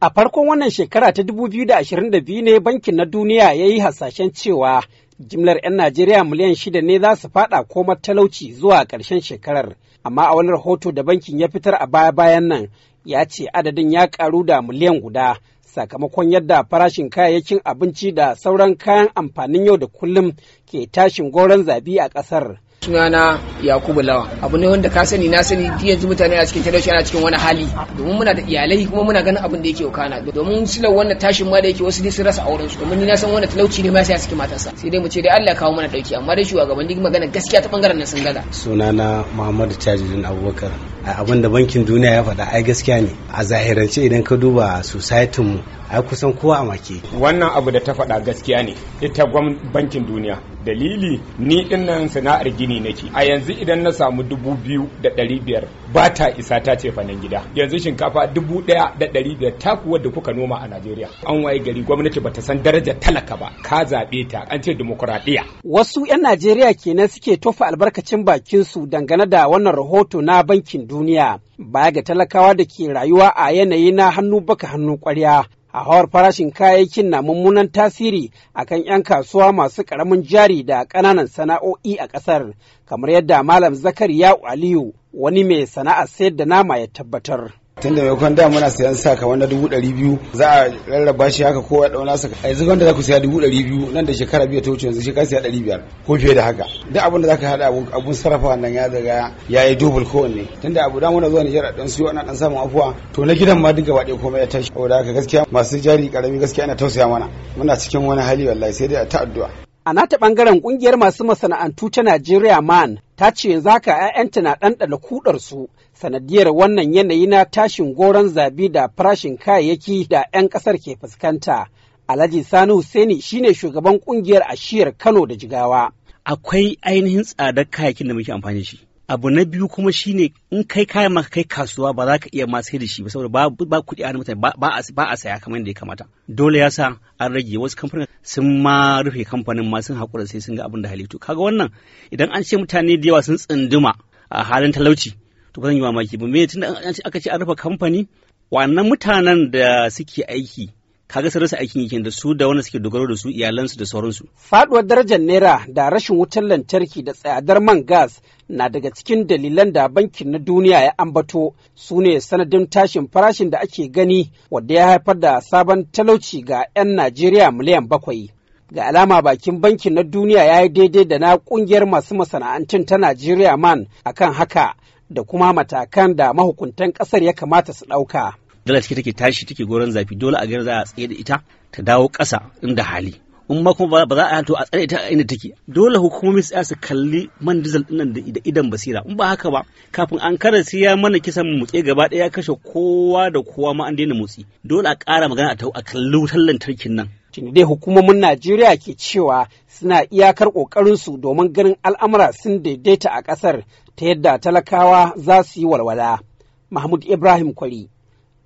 A farkon wannan shekara ta 2022 ne bankin na duniya ya yi hasashen cewa jimlar 'yan Najeriya miliyan shida ne za su fada koma talauci zuwa ƙarshen shekarar. Amma a wani rahoto da bankin ya fitar a baya-bayan nan ya ce adadin ya ƙaru da miliyan guda sakamakon yadda farashin kayayyakin abinci da sauran kayan amfanin yau da kullum ke tashin goron zabi a ƙasar. sunana yakubu lawa abu ne wanda ka sani na sani yanzu mutane a cikin talauci ana cikin wani hali domin muna da iyalai kuma muna ganin abin da yake wakana domin silar wannan tashin ma da yake wasu sun rasa auren su domin ni na san wannan talauci ne ma sai a cikin matarsa sai dai mu ce dai Allah kawo mana dauki amma dai digi magana gaskiya ta bangaren nan sun Suna na Muhammadu Tajuddin Abubakar abin da bankin duniya ya faɗa ai gaskiya ne a zahirance idan ka duba society mu ai kusan kowa a make wannan abu da ta faɗa gaskiya ne ita gwam bankin duniya dalili ni dinnan sana'ar gini nake a yanzu idan na samu dubu biyu da ɗari biyar ba ta isa ta ce fanan gida yanzu shinkafa dubu ɗaya da ɗari biyar ta kuwa da kuka noma a najeriya an waye gari gwamnati bata san darajar talaka ba ka zaɓe ta an ce dimokuraɗiyya wasu 'yan najeriya kenan suke tofa albarkacin bakin su dangane da wannan rahoto na bankin duniya baya ga talakawa da ke rayuwa a yanayi na hannu baka hannu kwarya A hawar farashin kayayyakin na mummunan tasiri a kan 'yan kasuwa masu ƙaramin jari da ƙananan sana'o'i a ƙasar kamar yadda malam ya aliyu wani mai sana'a sayar da nama ya tabbatar tun da maimakon da muna sayan saka wanda dubu ɗari biyu za a rarraba shi haka kowa ɗau saka a yanzu wanda za ku saya dubu ɗari biyu nan da shekara biyu ta wuce yanzu shekara saya ɗari biyar ko fiye da haka duk abin da za ka haɗa abun sarrafa wannan ya daga ya yi dubul kowanne tun da abu da muna zuwa Nijar a ɗan siyo ana ɗan samun afuwa to na gidan ma duk gaba ɗaya komai ya tashi saboda haka gaskiya masu jari ƙarami gaskiya ana tausaya mana muna cikin wani hali wallahi sai dai a ta addu'a. A nata ɓangaren ƙungiyar masu masana'antu ta Najeriya man ta ce yanzu haka 'ya'yanta na ɗanɗana kuɗarsu. sanadiyar wannan yanayi na tashin goron zabi da farashin kayayyaki da 'yan ƙasar ke fuskanta. Alhaji Sani Hussaini shine shugaban ƙungiyar ashiyar Kano da Jigawa. Akwai ainihin tsadar kayayyakin da muke amfani shi. abu na biyu kuma shine in kai kayan maka kai kasuwa ba za ka iya ma sai da shi ba saboda ba kuɗi a mutane ba a saya kamar yadda ya kamata dole yasa an rage wasu kamfanin sun ma rufe kamfanin ma sun haƙura sai sun ga abin da halittu kaga wannan idan an ce mutane da yawa sun tsunduma a halin talauci to zan yi mamaki ba me tunda aka ce an rufe kamfani wannan mutanen da suke aiki Ka sun rasa aikin yi da su da wanda suke dogaro da su iyalansu da sauransu. Faduwar darajar naira da rashin wutar lantarki da tsadar man gas na daga cikin dalilan da bankin na duniya ya ambato su ne sanadin tashin farashin da ake gani wadda ya haifar da sabon talauci ga 'yan Najeriya miliyan bakwai. Ga alama bakin bankin na duniya ya yi daidai da na kungiyar masu masana'antun ta Najeriya man akan haka da kuma matakan da mahukuntan ƙasar ya kamata su ɗauka. dala take take tashi take goron zafi dole a gani za a tsaye da ita ta dawo ƙasa inda hali in ma kuma ba za a to a tsare ta inda take dole hukumomi su su kalli man diesel dinnan da idan basira in ba haka ba kafin an kare sai ya mana kisan mutse gaba ɗaya ya kashe kowa da kowa ma an daina motsi dole a ƙara magana a a kalli wutar lantarkin nan Shin dai hukumomin Najeriya ke cewa suna iyakar kokarin su domin ganin al'amura sun daidaita a kasar ta yadda talakawa za su yi walwala. Mahmud Ibrahim Kwari